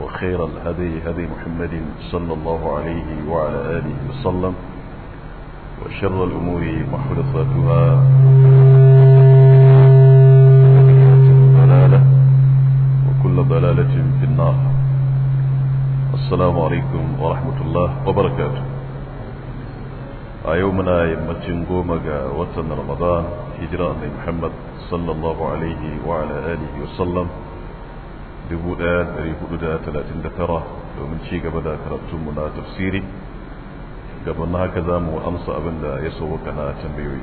وخير الهدي هدي محمد صلى الله عليه وعلى آله وسلم وشر الأمور محدثاتها ضلالة وكل ضلالة في النار السلام عليكم ورحمة الله وبركاته أيومنا يمتن تنقوم وطن رمضان هجرة محمد صلى الله عليه وعلى آله وسلم 1439 domin ci gaba da karatunmu na tafsiri na haka za mu amsa abin da ya sauwaka kana tambayoyi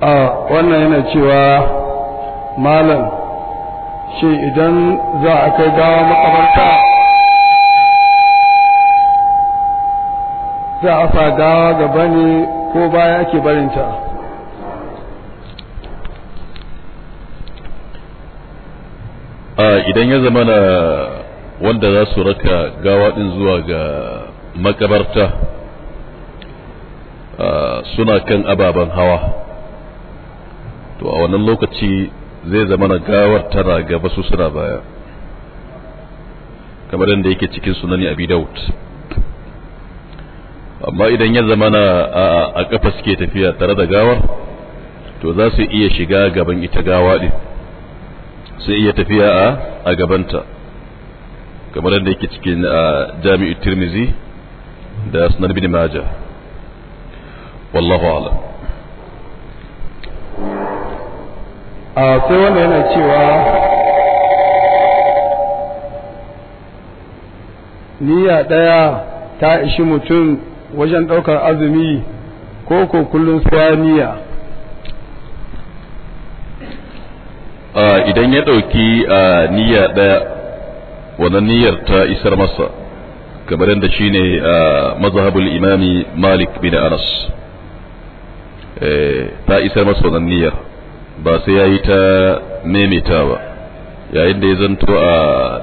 a wannan yana cewa malam shi idan za a kai gawa makabarta za a fa gawa gaba ne ko baya ake barinta idan ya zama na wanda za su raka gawa din zuwa ga makabarta suna kan ababen hawa to a wannan lokaci zai zama na gawar tana gaba su suna baya kamar yadda yake cikin sunani abi daud amma idan ya zama na a kafa suke tafiya tare da gawar to za su iya shiga gaban ita gawa din su iya tafiya a a gabanta kamar yadda yake cikin jami'i tirmizi da sunan bin majah wallahu alam a sai wanda yana cewa niyya ɗaya ta ishi mutum wajen ɗaukar azumi ko ko kullum suwa niyya idan ya ɗauki niyya ɗaya wannan niyyar ta isar masa kamar yadda shi ne mazhabul imami malik bin anas e, ta isar masa wannan niyyar ba sai ya yi ta maimaita ba yayin da ya zanto a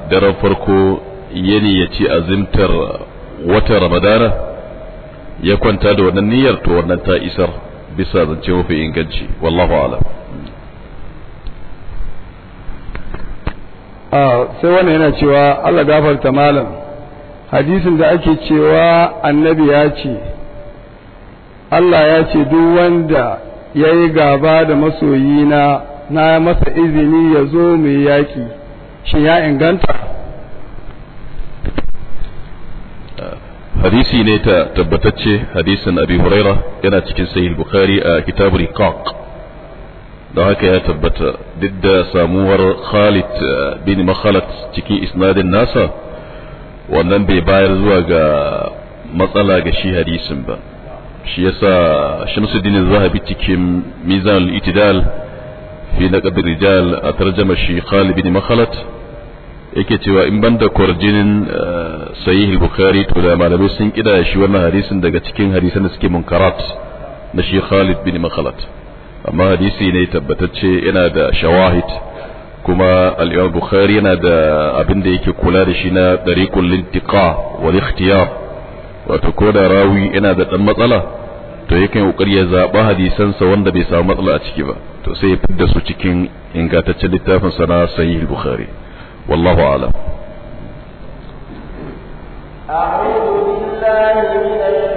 daren farko yini ya ci azimtar watan ramadana ya kwanta da wannan niyyar to wannan ta isar bisa zance mafi inganci wallahu alam sai wannan yana cewa Allah gafarta malam hadisin da ake cewa annabi ya ce Allah ya ce duk wanda ya yi gaba da masoyina na masa izini ya zo mai yaƙi shi ya inganta hadisi ne ta tabbatacce hadisin abi huraira yana cikin sahih bukhari a kitabul riqaq da haka ya tabbata duk da samuwar Khalid eh, bin Makhalat cikin isnadin nasa wannan bai bayar zuwa ga matsala ga shi hadisin ba shi yasa Shamsuddin Zahabi cikin Mizan itidal fi na rijal a tarjama shi Khalid bin Makhalat yake cewa in banda kwarjinin eh, sahih bukhari to da malamai sun kida shi wannan hadisin daga cikin hadisan da suke munkarat na shi Khalid bin Makhalat amma hadisi ne tabbatacce yana da shawahid kuma al Bukhari yana da abin da yake kula da shi na dariqul lintiqa wal ikhtiyar wato ko da rawi yana da ɗan matsala to yakan kokari ya zaba hadisansa wanda bai samu matsala a ciki ba to sai ya fidda su cikin ingantaccen littafin sana na Sahih Bukhari wallahu a'lam أعوذ بالله من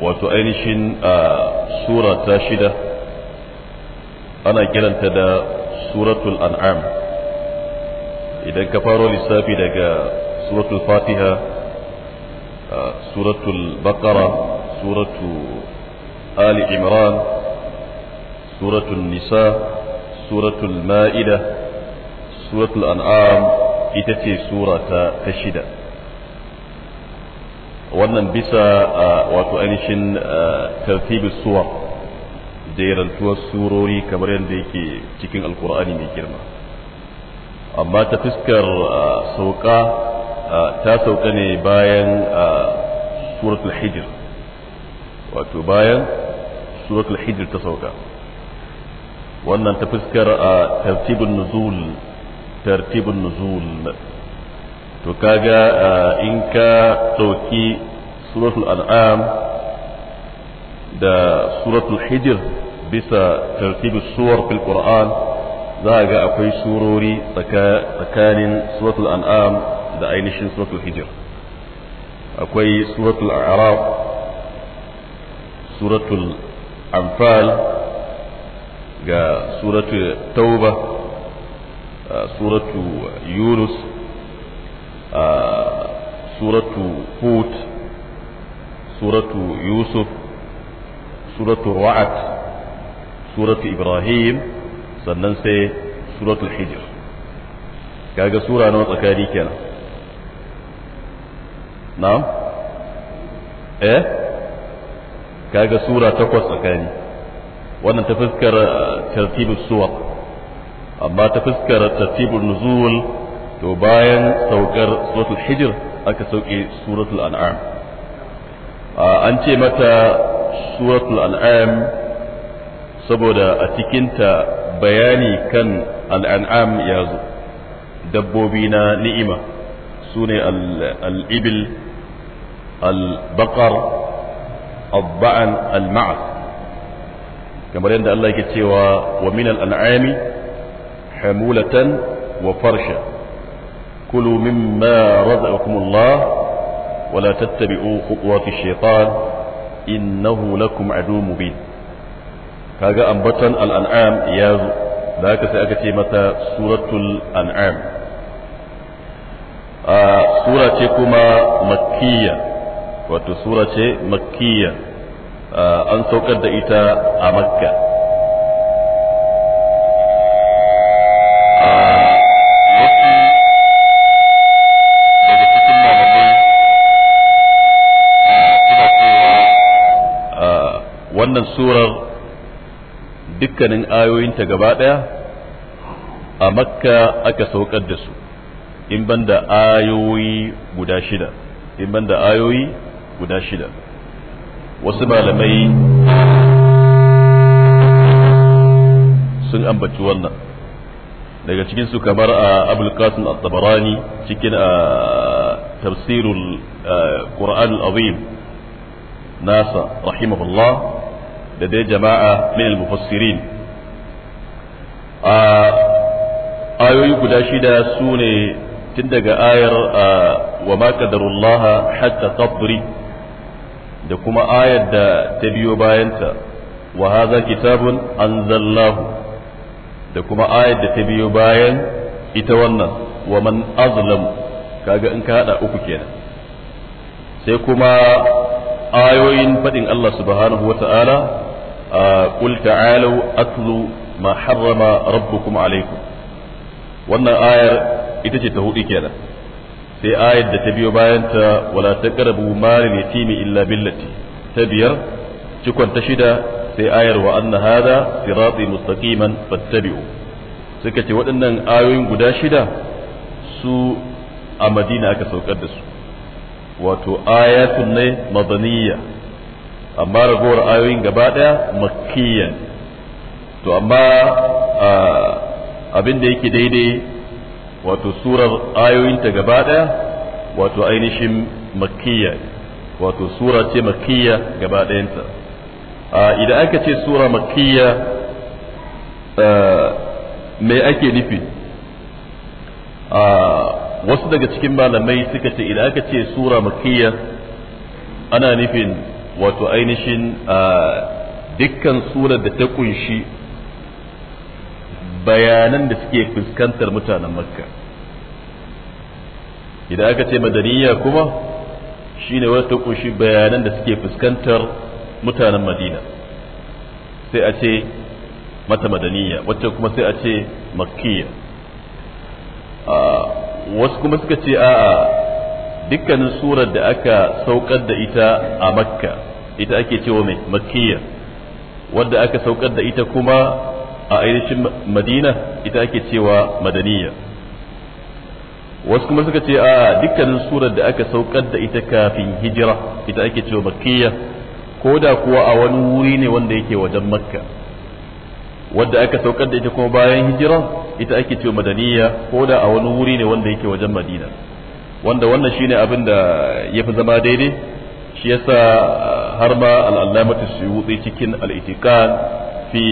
wato ainihin sura ta shida ana kiranta da suratul an'am idan ka faro lissafi daga suratul fatiha suratul baqara suratul ali imran suratul nisa suratul ma'ida suratul an'am ita ce sura ta shida wannan bisa wato ainihin tartibin suwar jerantuwar surori kamar yadda yake cikin alkur'ani mai girma amma ta fuskar sauka ta sauka ne bayan suratul hijir wato bayan suratul hijir ta sauka wannan ta fuskar tartibin nuzul tartibin nuzul to kaga eh, in ka ɗauki suratul al'am da suratul hijir bisa tartibin suwar fil qur'an za a ga akwai surori tsakanin suratul an'am da ainihin suratul hijir akwai suratul a'raf suratul amfal ga suratul tauba eh, suratul yunus suratu hud suratu yusuf suratu ra'ad suratu ibrahim sannan sai suratul hijr kaga sura nawa tsakani kenan na'am eh kaga sura takwas tsakani wannan ta fuskar tartibus suwar amma ta fuskar tartibul nuzul to bayan saukar suratul hijr aka sauke suratul an'am an ce mata suratul an'am saboda a cikinta bayani kan al'an'am ya zo dabbobi na ni'ima su ne al'ibil al-baqar al-ba'an al kamar yadda Allah yake cewa wa minal al'ami hamulatan wa farsha كلوا مما رزقكم الله ولا تتبعوا خطوات الشيطان إنه لكم عدو مبين كاجا أنبتن الأنعام يازو ذاك سأكتي متى سورة الأنعام آه سورة كما مكية وتسورة مكية آه أن سوكد إتا أمكة wannan surar dukkanin ayoyinta gaba ɗaya a makka aka saukar da su in banda ayoyi guda shida in banda ayoyi guda shida wasu malamai sun ambaci wannan daga cikinsu kamar a abulkasin qasim tabarani cikin a tafsirul qur'an azim nasa rahimahullah da dai jama'a min al-mufassirin ayoyi guda shida su ne tun daga ayar wa ma qadarullaha hatta qadri da kuma ayar da ta biyo bayanta wa hadha kitabun anzalnahu da kuma ayar da ta biyo bayan ita wannan wa man azlam kaga in ka hada uku kenan sai kuma ayoyin faɗin Allah subhanahu wa ta'ala qul ta'alu atlu ma harrama rabbukum alaikum wannan ayar ita ce ta hudu kenan sai ayar da ta biyo bayan ta wala taqrabu malal yatimi illa billati ta biyar cikon ta shida sai ayar wa anna hada sirati mustaqiman fattabi'u suka ce waɗannan ayoyin guda shida su a madina aka saukar da su wato ayatun ne madaniyya amma ragowar ayoyin gaba daya makiyan to amma abin da yake daidai wato surar ayoyinta gaba daya wato ainihin makiyan wato sura ce makiyya gaba dayanta idan aka ce sura makiyya me ake nufi wasu daga cikin malamai suka ce idan aka ce sura makiyya ana nufin wato ainihin dukkan surar da ta kunshi bayanan da suke fuskantar mutanen makka idan aka ce madaniya kuma shine wata ta kunshi bayanan da suke fuskantar mutanen madina sai a ce mata madaniya wacce kuma sai a ce makkiya wasu kuma suka ce a'a dukkanin surar da aka saukar da ita a makka ita ake cewa mai makkiya wadda aka saukar da ita kuma a ainihin madina ita ake cewa madaniya wasu kuma suka ce a dukkanin surar da aka saukar da ita kafin hijira ita ake cewa makkiya ko da kuwa a wani wuri ne wanda yake wajen makka wadda aka saukar da ita kuma bayan hijira ita ake cewa madaniya ko da a wani wuri ne wanda yake wajen madina wanda wannan shine abin da ya fi zama daidai shi yasa har ma al'allamatu suyuti cikin al'itikan fi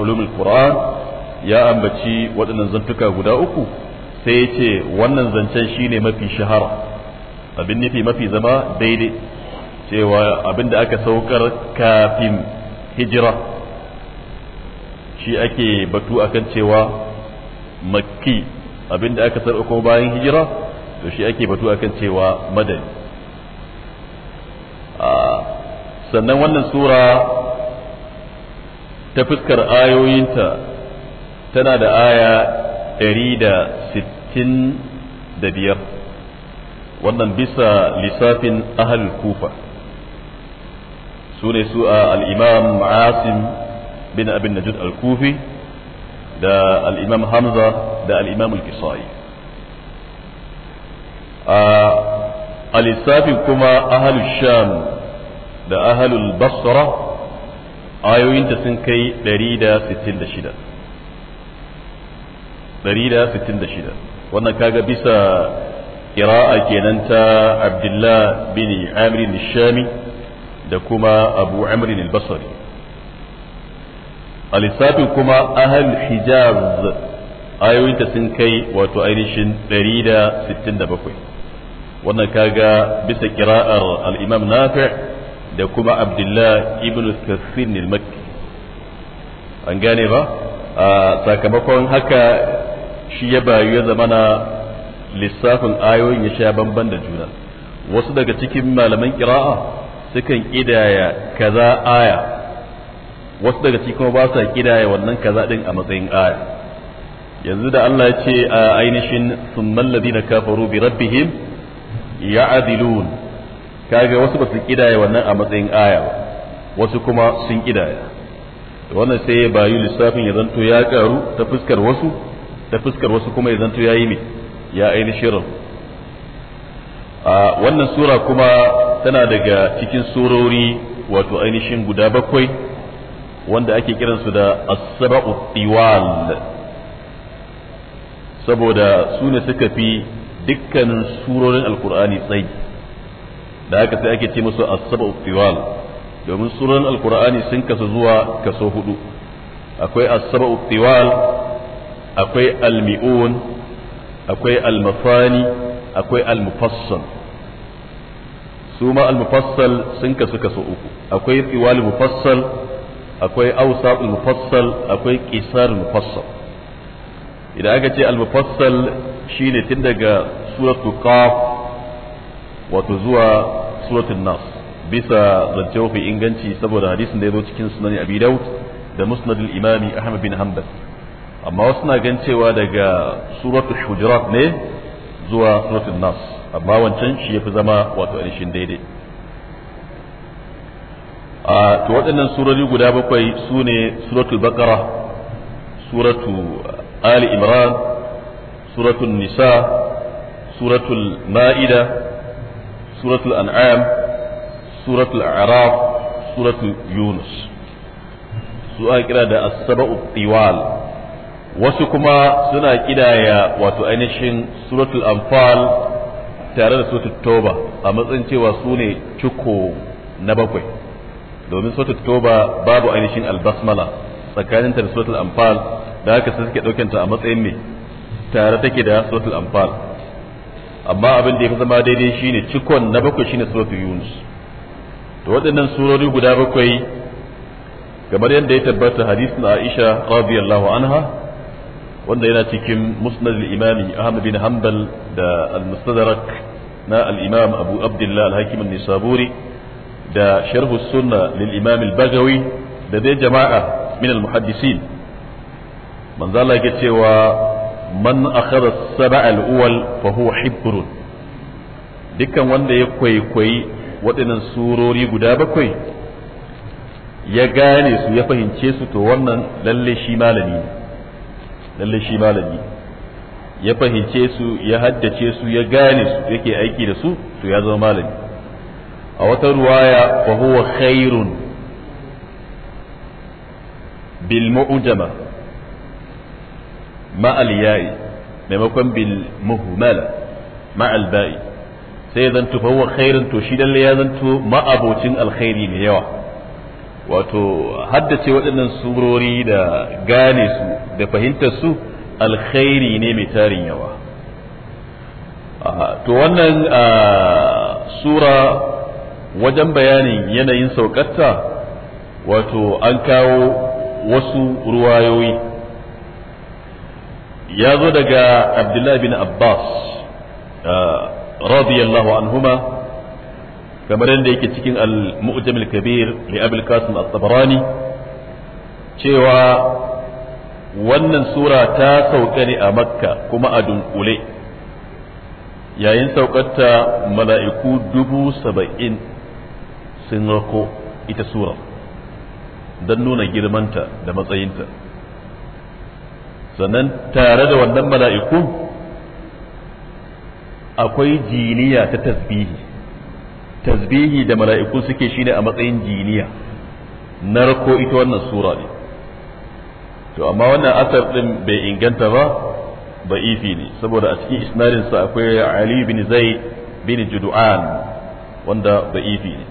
ulumul qur'an ya ambaci waɗannan zantuka guda uku sai ya ce wannan zancen shine mafi shahara abin nufi mafi zama daidai cewa abin da aka saukar kafin hijira shi ake batu akan cewa makki abin da aka sarƙa bayan hijira to shi ake batu akan cewa madani sannan wannan sura ta fuskar ayoyinta tana da aya 165 wannan bisa lissafin ahal kufa su ne su a al'imam ma'asim bin abin najud al-kufi da al'imam hamza da al'imam al-kisai a lissafi kuma ahalul sham da ahalul basra ayoyinta sun kai 166 166 wannan kaga bisa ƙira'a kenan ta abdullah bin amrin shami da kuma abu amrin al-basri a lissafin kuma ahal hijaz ayoyinta sun kai wato ainihin 167 wannan kaga bisa kira'ar alimam nafi' da kuma abdullah ibn kassin al an gane ba sakamakon haka shi ya bayu ya zamana lissafin ayoyin ya sha bamban da juna wasu daga cikin malaman kira'a sukan kidaya kaza aya wasu daga cikin ba sa kidaya wannan kaza din a matsayin aya yanzu da Allah ya ce a ainihin summan na kafaru bi rabbihim Ya adilun kaga wasu ba su kidaya wannan a matsayin aya ba wasu kuma sun kidaya wannan sai ya bayu lissafin ya zanto ya karu ta fuskar wasu ta fuskar wasu kuma ya zanto ya yi me ya ainihin a wannan sura kuma tana daga cikin surori wato ainihin guda bakwai wanda ake kiransu da asabau sabau tiwal saboda su ne suka fi dukkanin surorin alkur'ani tsayi da haka sai ake ce musu asaba tiwal domin surorin alkur'ani sun kasu zuwa kaso hudu akwai asaba tiwal akwai almi'un akwai almafani akwai almufassal su ma almufassal sun kasu kaso uku akwai tiwal mufassal akwai ausa mufassal akwai qisar mufassal idan aka ce almufassal shine tun daga suratu qaf wato zuwa suratun nas bisa zance mafi inganci saboda hadisin da ya zo cikin sunan abi daud da musnadul imami ahmad bin hanbal amma wasu na gan cewa daga suratul hujurat ne zuwa suratul nas amma wancan shi yafi zama wato ainihin daidai a to waɗannan surori guda bakwai su ne suratul baqara suratu ali imran Suratun nisa suratul ma'ida suratul an'am suratul araf suratul yunus su a da as wasu kuma suna kidaya wato ainihin suratul anfal tare da suratul toba a matsayin cewa su ne ciko na bakwai domin suratul toba babu ainihin albasmala tsakaninta da suratul anfal da haka sai suke ɗaukenta a matsayin mai tare take da suratul anfal amma abin da ya zama daidai shine cikon na bakwai shine suratul yunus to waɗannan surori guda bakwai kamar yadda ya tabbata hadisin Aisha radiyallahu anha wanda yana cikin musnad al-imami Ahmad bin Hanbal da al-Mustadrak na al-Imam Abu Abdullah al-Hakim an-Nisaburi da sharh sunna lil-Imam al-Bagawi da dai jama'a min al-muhaddisin manzo Allah yake cewa man akhadha as-saba al-awwal fa huwa hibrun dukkan wanda ya kwaikwayi waɗannan surori guda bakwai ya gane su ya fahimce su to wannan lalle shi malami lalle shi malami ya fahimce su ya haddace su ya gane su yake aiki da su to ya zama malami a wata ruwaya fa huwa khairun bil mu'jama ma'al ya'i maimakon bil muhmala ma'al sai zanto fa huwa khairun to shi dalle ya zanto ma'abocin alkhairi ne yawa wato haddace waɗannan surori da gane su da fahimtar su alkhairi ne mai tarin yawa to wannan sura wajen bayanin yanayin saukatta wato an kawo wasu ruwayoyi ya zo daga abdullahi bin abbas ah, radiyallahu anhuma kamar yadda yake cikin al-mu'jam kabir li abul qasim at cewa wannan sura ta sauka ne a makka kuma a dunkule yayin sauƙarta mala'iku dubu saba'in sun rako ita sura don nuna girmanta da matsayinta sannan tare da wannan mala'ikun akwai jiniya ta tasbihi tasbihi da mala'iku suke shine a matsayin jiniya narko ita wannan sura ne to amma wannan asar ɗin bai inganta ba ba ifi ne saboda a cikin ismarinsa akwai ali bin zai bin judu'an wanda ba ifi ne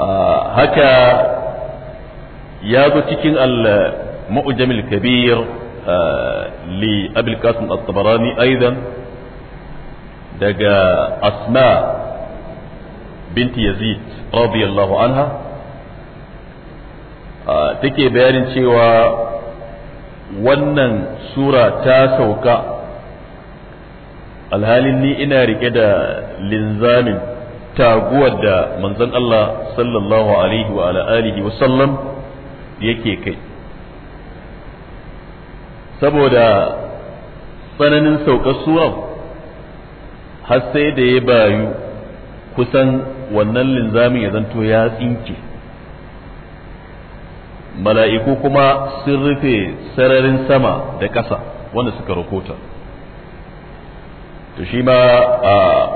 ah, haka ya zo cikin Allah. معجم الكبير لأبي القاسم الطبراني أيضا دقى أسماء بنت يزيد رضي الله عنها take bayanin cewa wannan sura ta sauka alhalin ni ina rike da linzamin taguwar da manzon Allah sallallahu alaihi wa alihi wa sallam yake kai saboda tsananin saukar suwan har sai da ya bayu kusan wannan linzamin ya zanto ya tsinke mala'iku kuma sun rufe sararin sama da ƙasa wanda suka rahota. to shi ma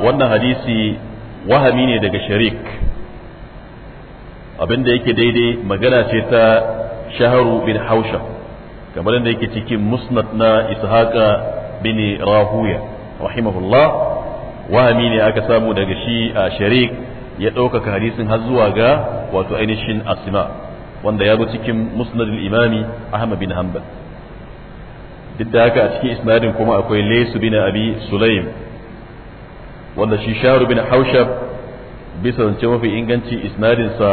wannan hadisi wahami ne daga sharik abinda yake daidai magana ce ta shaharu bin hausha kamar yadda yake cikin musnad na ishaqa bin rahuya rahimahullah wahami ne aka samu daga shi a sharik ya ɗaukaka hadisin har zuwa ga wato ainihin asima wanda ya bi cikin musnad imami ahmad bin hanbal duk da haka a cikin isnadin kuma akwai laysu bin abi sulaim wanda shi sharu bin haushab bisa zance mafi inganci isnadinsa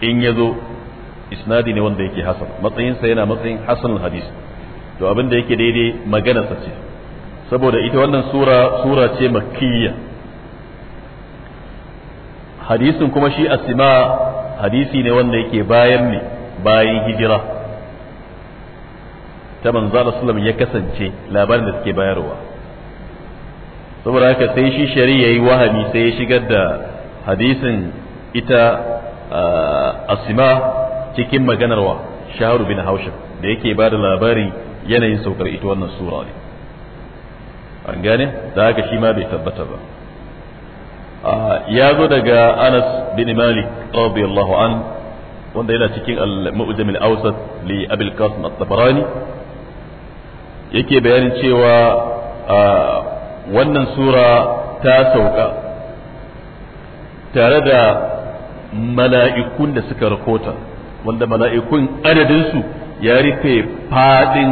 in ya zo isnadi ne wanda yake hasan matsayinsa yana matsayin hasan hadis to abin da yake daidai magana sa ce saboda ita wannan sura sura ce makkiyya hadisin kuma shi asima hadisi ne wanda yake bayan ne bayan hijira ta manzo sallam ya kasance labarin da suke bayarwa saboda haka sai shi shari'a yi wahami sai ya shigar da hadisin ita asima ah, cikin maganar wa shaharu bin haushin da yake ba da labari yanayin saukar ita wannan sura ne an gane da haka shi ma bai tabbata ba ya zo daga anas bin malik radiyallahu an wanda yana cikin al-mu'jam al-awsat li abul qasim at-tabarani yake bayanin cewa wannan sura ta sauka tare da mala'ikun da suka rakota wanda mala'ikun adadinsu ya rufe faɗin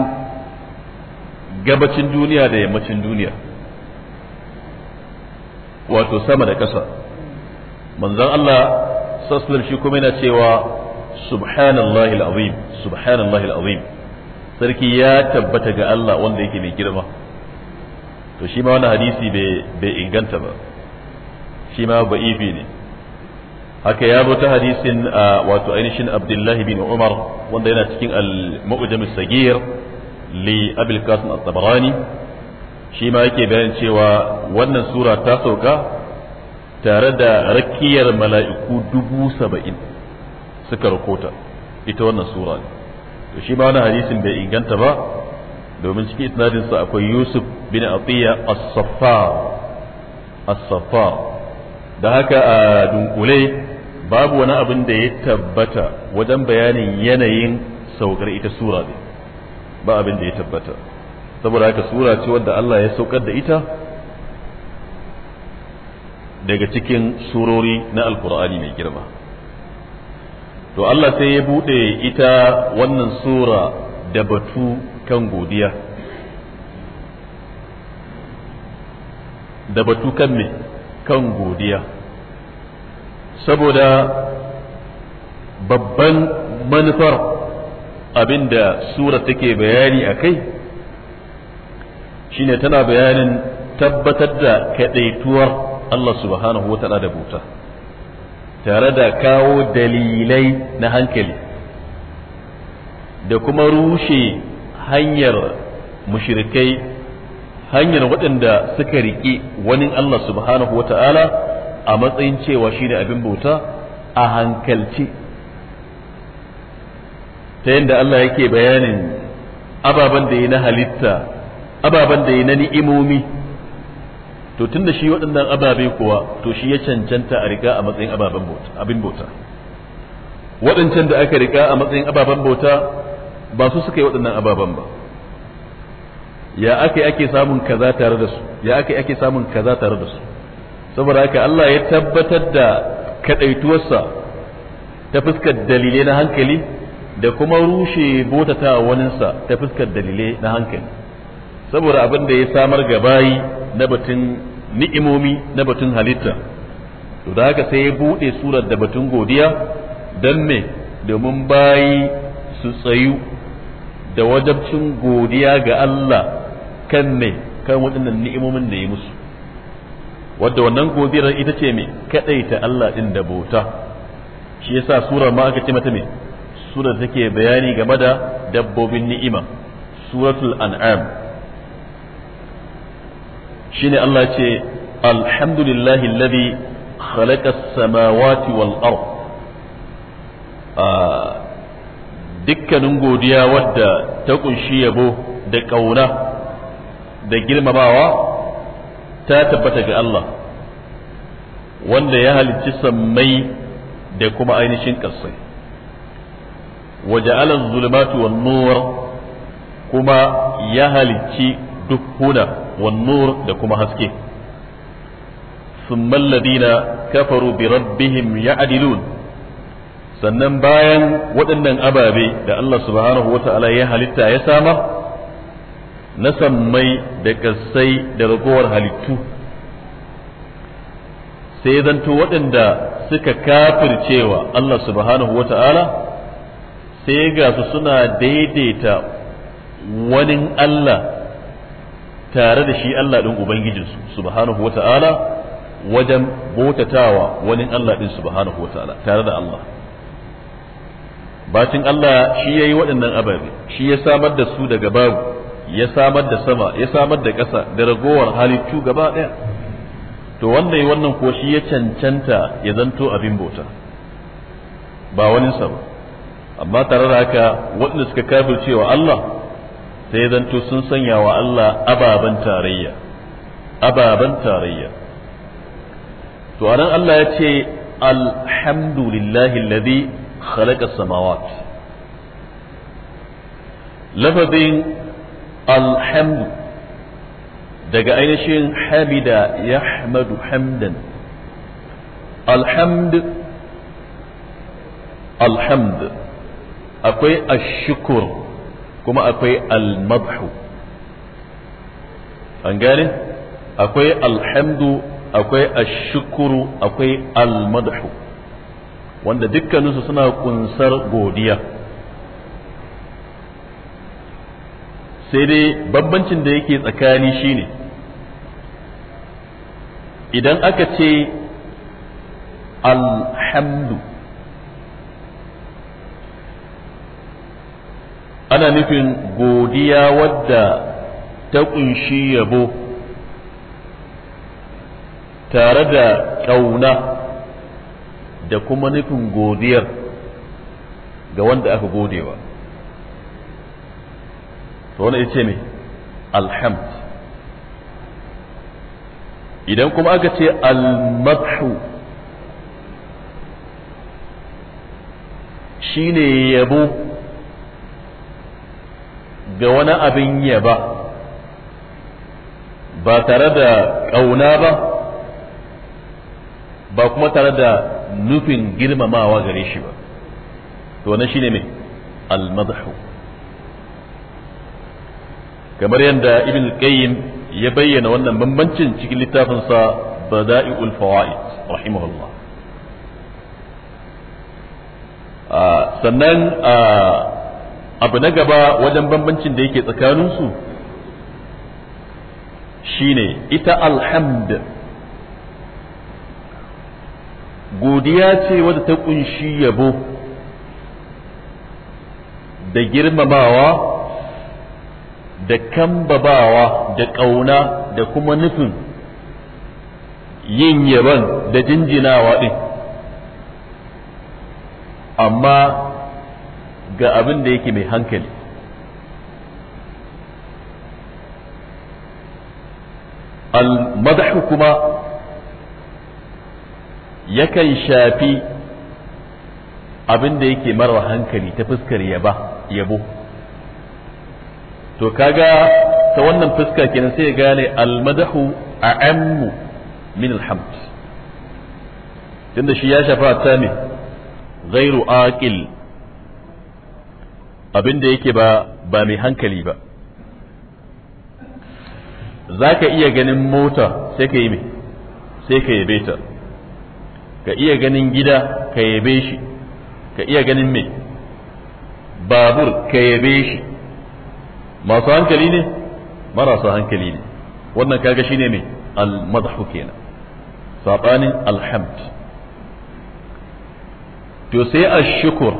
gabacin duniya da yammacin duniya wato sama da ƙasa manzon Allah sassanar shi kuma yana cewa subhanallahi al'azim subhanallahi al'azim sarki ya tabbata ga Allah wanda yake mai girma to shi ma wani hadisi bai inganta ba shi ma ba'ifi ne haka ya zo ta hadisin wato ainihin abdullahi bin umar wanda yana cikin al-mu'jam sagir li abul qasim at-tabarani shi ma yake bayan cewa wannan sura ta sauka tare da rakiyar mala'iku dubu saba'in suka rakota ita wannan sura ne to shi ma hadisin bai inganta ba domin cikin isnadinsa akwai yusuf bin atiya as-saffar as-saffar da haka a dunkule babu wani abin da ya tabbata wajen bayanin yanayin saukar ita sura ne ba abin da ya tabbata saboda haka sura ce wadda Allah ya saukar da ita daga cikin surori na alkur'ani mai girma to Allah sai ya buɗe ita wannan sura da batu kan godiya da batu kan me kan godiya saboda babban manufar abinda sura take bayani a kai shine tana bayanin tabbatar da kaɗaituwar Allah subhanahu wa ta'ala da buta tare da kawo dalilai na hankali da kuma rushe hanyar mushirikai hanyar waɗanda suka riƙe wani Allah subhanahu wa ta'ala a matsayin cewa shi ne abin bauta a hankalci ta yadda Allah yake bayanin ababen da yi na halitta ababen da yi na ni'imomi to tun da shi waɗannan ababe kuwa to shi ya cancanta a riga a matsayin abin bauta waɗancan da aka riga a matsayin ababen bauta ba su suka yi waɗannan ababen ba ya yi ake samun kaza tare da su ya yi ake samun kaza tare da su saboda haka Allah ya tabbatar da kadaituwarsa ta fuskar dalilai na hankali da kuma rushe botata waninsa ta fuskar dalilai na hankali saboda abin da ya samar ga bayi na batun ni'imomi na batun halitta to da haka sai ya buɗe surar da batun godiya dan me domin bayi su tsayu da wajabcin godiya ga Allah kan ne kan waɗannan ni'imomin da ya musu wadda wannan gobirar ita ce me kadaita Allah din da bauta shi yasa surar ma aka ce mata me surar take bayani game da dabbobin ni'ima suratul an'am shine Allah ce alhamdulillahi alladhi khalaqa as-samawati wal ard dukkanin godiya wadda ta kunshi yabo da kauna da girmamawa ta tabbata ga Allah wanda ya halicci sammai da kuma ainihin ƙasai waje alan zulmatu wan nur kuma ya halicci dukkuna wa nur da kuma haske summan ladina kafaru bi rabbihim ya'dilun sannan bayan waɗannan ababe da Allah subhanahu wa ta'ala ya halitta ya samar na sammai da ƙasai da ragowar halittu sai zanto waɗanda suka kafircewa Allah subhanahu wa ta'ala sai ga su suna daidaita wani Allah tare da shi Allah ɗin Ubangijinsu subhanahu wa ta'ala wajen bautatawa wani Allah ɗin subhanahu wa ta'ala tare da Allah bacin Allah shi ya yi waɗannan abari shi ya samar da su daga babu ya samar da sama ya samar da ƙasa da ragowar halittu gaba ɗaya to wanda yi wannan ko shi ya cancanta ya zanto abin bauta ba wani ba amma tare da haka waɗanda suka kafirce wa Allah sai ya zanto sun sanya wa Allah ababen tarayya ababen tarayya to nan Allah ya ce alhamdulillahi alladhi khalaqa samawati lafazin alhamdu daga ainihin hamida ya hamadu hamdan alhamd alhamd akwai ashukur kuma akwai almadhu an gane akwai alhamdu akwai ashukuru akwai almadhu wanda dukkaninsu suna kunsar godiya sai dai bambancin da yake tsakani shine idan aka ce alhamdu ana nufin godiya wadda ta kunshi yabo tare da ƙauna da kuma nufin godiyar ga wanda aka godewa to wani ya ce ne alhamd idan kuma aka ce almadhu shine yabo ga wani abin yaba ba tare da ƙauna ba ba kuma tare da nufin girmamawa gare shi ba to wannan shine mai almadhu kamar yadda ibn qayyim ya bayyana wannan bambancin cikin littafinsa bada'i'ul fawaid rahimahullah ah, sannan ah, abu na gaba wajen bambancin da yake tsakaninsu shine ita alhamd godiya ce wadda ta kunshi yabo da girmamawa da kambabawa da ƙauna da kuma nufin yin yaban da jinjinawa ɗin amma ga abin da yake mai hankali al-madahu kuma yakan shafi abin da yake marar hankali ta fuskar yaba yabo to kaga ta wannan fuska kenan sai ya gane almadahu a a'ammu min alhamd tunda shi ya shafa ta ne ghairu aqil abinda da yake ba ba mai hankali ba za ka iya ganin mota sai ka yi mai sai ka yabe ta ka iya ganin gida ka yabe shi ka iya ganin mai babur ka yabe shi masu hankali ne marasa hankali ne wannan kaga ne? mai al-madhu kenan sabanin alhamd to sai ashukur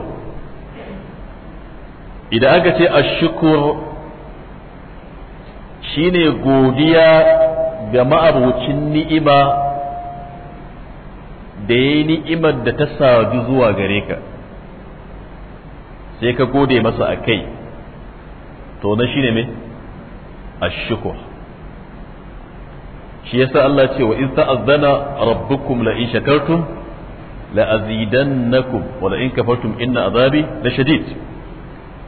idan aka ce ashukur shi shine godiya ga ma'abucin ni'ima da ya yi ni'imar da ta sadu zuwa gare ka sai ka gode masa a kai to wannan shine me ash-shukr shi yasa Allah ce wa in ta'azzana rabbukum la in shakartum la azidannakum wa la in kafartum inna azabi la shadid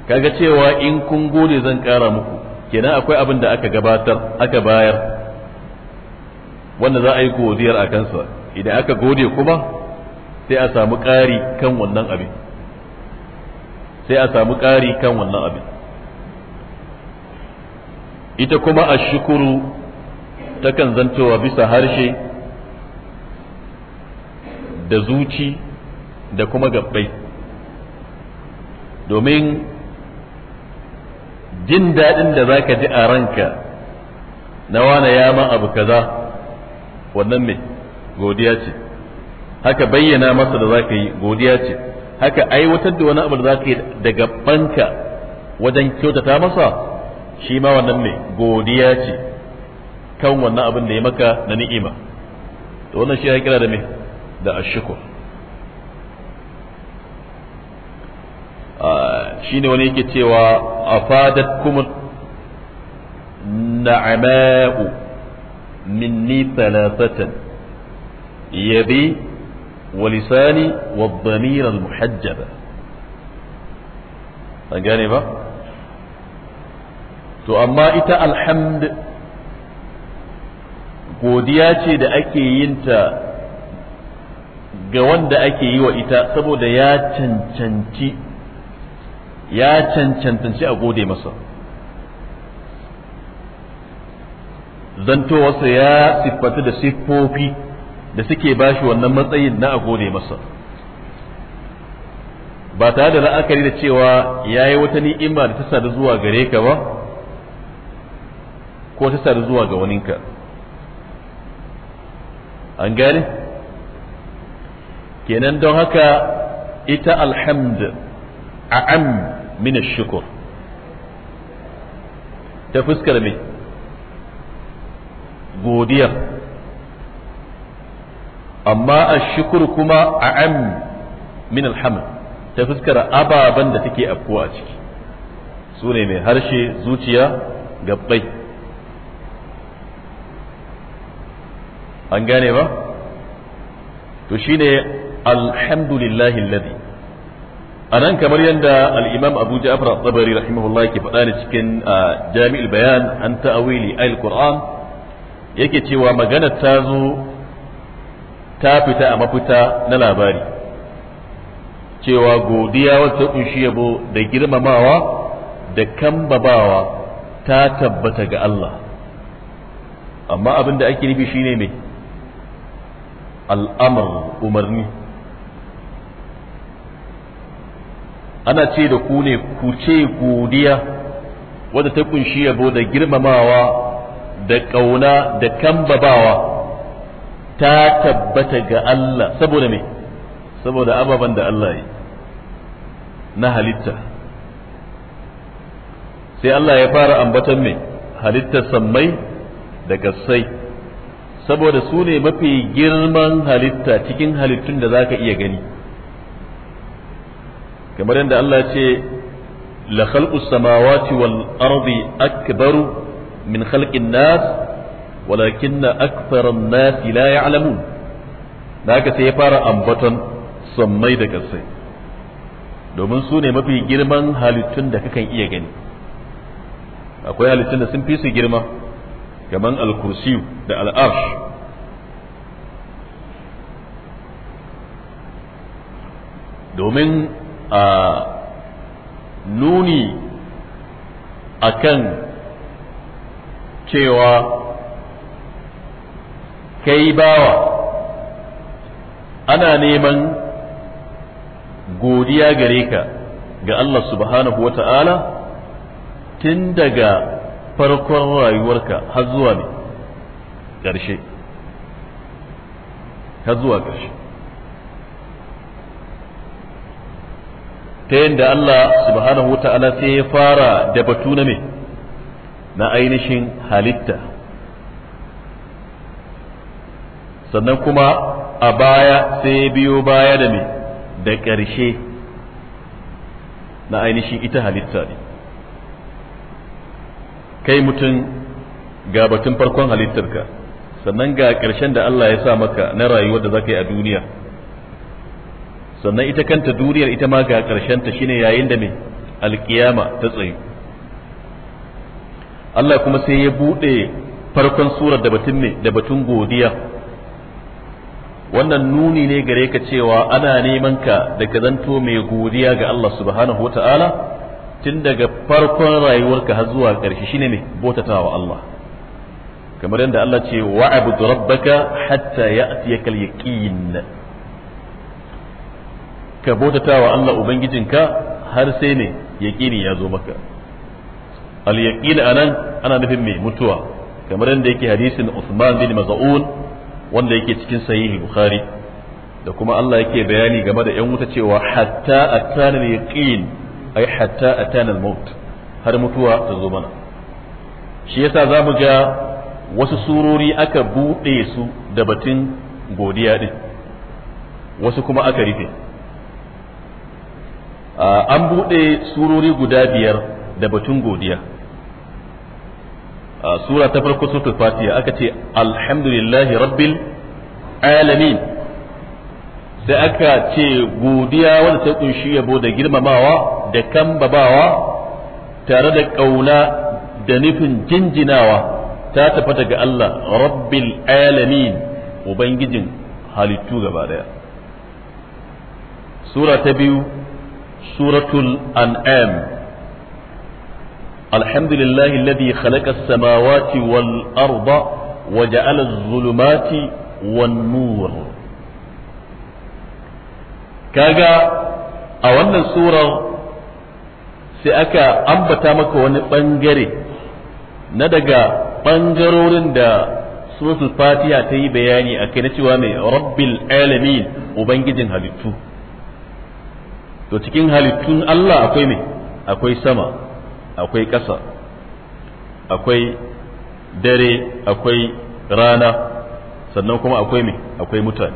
kaga cewa in kun gode zan kara muku kenan akwai abin da aka gabatar aka bayar wanda za a yi godiyar a kansa idan aka gode kuma sai a samu ƙari kan wannan abin sai a samu ƙari kan wannan abin ita kuma a shukuru takan zantowa bisa harshe da zuci da kuma gabbai domin jin daɗin da za ka ji a ranka na wane ya ma abu kaza wannan mai godiya ce haka bayyana masa da za ka yi godiya ce haka aiwatar da wani abu da za ka yi da banka wajen kyautata masa shi ma wannan ne godiya ce kan wannan abin da ya maka na ni'ima to wannan shi ya kira da me da ashukur ah, shi ne wani yake cewa afadat kuma na'ama'u minni thalathatan yabi ولساني والضمير المحجبة an gane ba to amma ita alhamd godiya ce da ake yinta ga wanda ake yi wa ita saboda ya cancanci ya cancantanci a gode masa zantowarsa ya siffatu da siffofi da suke bashi wannan matsayin na a gode masa ba tare da la'akari da cewa ya yi wata ni'ima da ta sadu zuwa gare ka ba ko ta sadu zuwa ga waninka an gane kenan don haka ita alhamd a'am min shukur ta fuskar mai godiya amma a shukur kuma a'am min alhamd ta fuskar ababen da take afkuwa a ciki su ne mai harshe zuciya gabbai an gane ba to shine alhamdulillahi alladhi anan kamar yadda al-imam Abu Ja'far al-Tabari rahimahullah yake faɗa ne cikin ah, Jami'ul Bayan an ta'awili al-Qur'an yake cewa magana ta zo ta fita a mafita na labari cewa godiya wata kunshi yabo da girmamawa da kambabawa ta tabbata ga Allah amma abin da ake nufi shine mai al'amr umarni ana ce da ku ne ku ce godiya wadda ta kunshi yabo da girmamawa da ƙauna da kambabawa ta tabbata ga Allah saboda me saboda ababen da Allah yi na halitta sai Allah ya fara ambatan me halittar sammai da gassai saboda su ne mafi girman halitta cikin halittun da za ka iya gani kamar yadda Allah ce la khalqus samawati wal ardi akbaru min khalqin nas walakinna aktharan nas la ya'lamun haka sai ya fara ambaton sammai da kasai domin su ne mafi girman halittun da kakan iya gani akwai halittun da sun fi su girma gaban al da al domin a nuni akan cewa kai bawa ana neman godiya gare ka ga Allah subhanahu wa ta'ala tun daga farkon rayuwarka har zuwa ne ƙarshe har zuwa ƙarshe ta yadda Allah subhanahu wa ta'ala sai ya fara da batu na me na ainihin halitta sannan kuma a baya sai biyo baya da me da ƙarshe na ainihin ita halitta ne kai mutum ga batun farkon halittarka sannan ga ƙarshen da Allah ya sa maka na rayuwar da zaka yi a duniya sannan ita kanta duniyar ita ma ga ƙarshen ta shine yayin da mai alƙiyama ta tsayu Allah kuma sai ya buɗe farkon surar da batun mai da batun godiya wannan nuni ne gare ka cewa ana neman ka da ka zanto mai godiya ga Allah subhanahu wata'ala tun daga farkon rayuwarka har zuwa ƙarshe shine ne bautatawa Allah kamar yadda Allah ce wa wa'budu rabbaka hatta kal yaqin ka bautatawa Allah ubangijinka har sai ne yaqini ya zo maka al yaqin anan ana nufin mai mutuwa kamar yadda yake hadisin Uthman bin Maz'un wanda yake cikin sahihi Bukhari da kuma Allah yake bayani game da yan wuta cewa hatta atana yaqin ay hatta atana al-maut har mutuwa ta zo mana shi yasa za mu ga wasu surori aka buɗe su da batun godiya din wasu kuma aka rufe an buɗe surori guda biyar da batun godiya sura ta farko suratul fatiha aka ce alhamdulillahi rabbil alamin sai aka ce godiya wanda ta kunshi yabo da girmamawa da kambabawa tare da ƙauna da nufin jinjinawa ta tafata ga Allah rabbil alamin ubangijin halittu gaba daya sura ta biyu suratul an'am الحمد لله الذي خلق السماوات والأرض وجعل الظلمات والنور a أولا سورة sai aka ambata maka wani bangare na daga bangarorin da suratul fatiha ta yi bayani a kai na cewa mai rabbil alamin ubangijin halittu to cikin halittun Allah akwai mai akwai sama akwai ƙasa akwai dare akwai rana sannan kuma akwai mai akwai mutane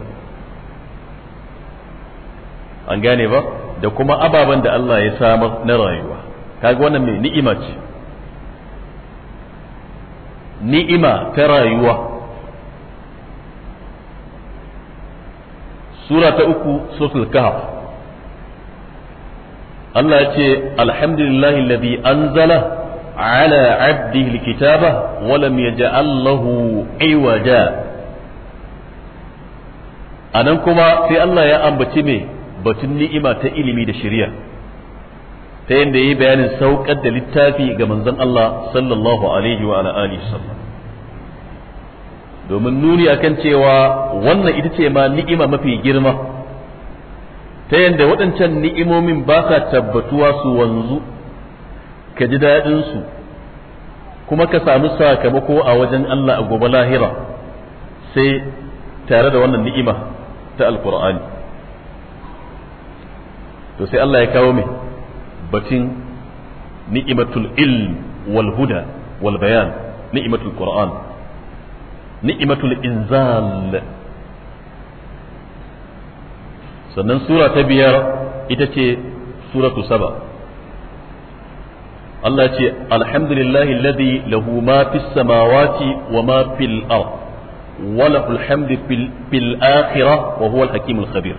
an gane ba da kuma ababen da Allah ya samar na rayuwa kaga wannan mai ni'ima ce ni'ima ta rayuwa sura ta uku suratul kahf Allah ya ce alhamdulillahi alladhi anzala ala abdihi alkitaba wa lam yaj'al lahu iwaja anan kuma sai Allah ya ambaci me batun ni'ima ta ilimi da shari'a ta yadda ya yi bayanin saukar da littafi ga manzon Allah sallallahu alaihi wa alihi sallam domin nuni akan cewa wannan ita ce ma ni'ima mafi girma ta yadda waɗancan ni'imomin ba sa tabbatuwa su wanzu ka ji daɗinsu kuma ka samu sakamako a wajen Allah a gobe lahira sai tare da wannan ni'ima ta alkur'ani to sai Allah ya kawo mai batin ni'imatul ilm wal huda wal bayan ni'imatul qur'an ni'imatul inzal sannan sura ta biyar ita ce suratu saba Allah ce alhamdulillahi ladhi lahu ma fis samawati wa ma fil ard wa lahul fil akhirah wa huwa al hakimul khabir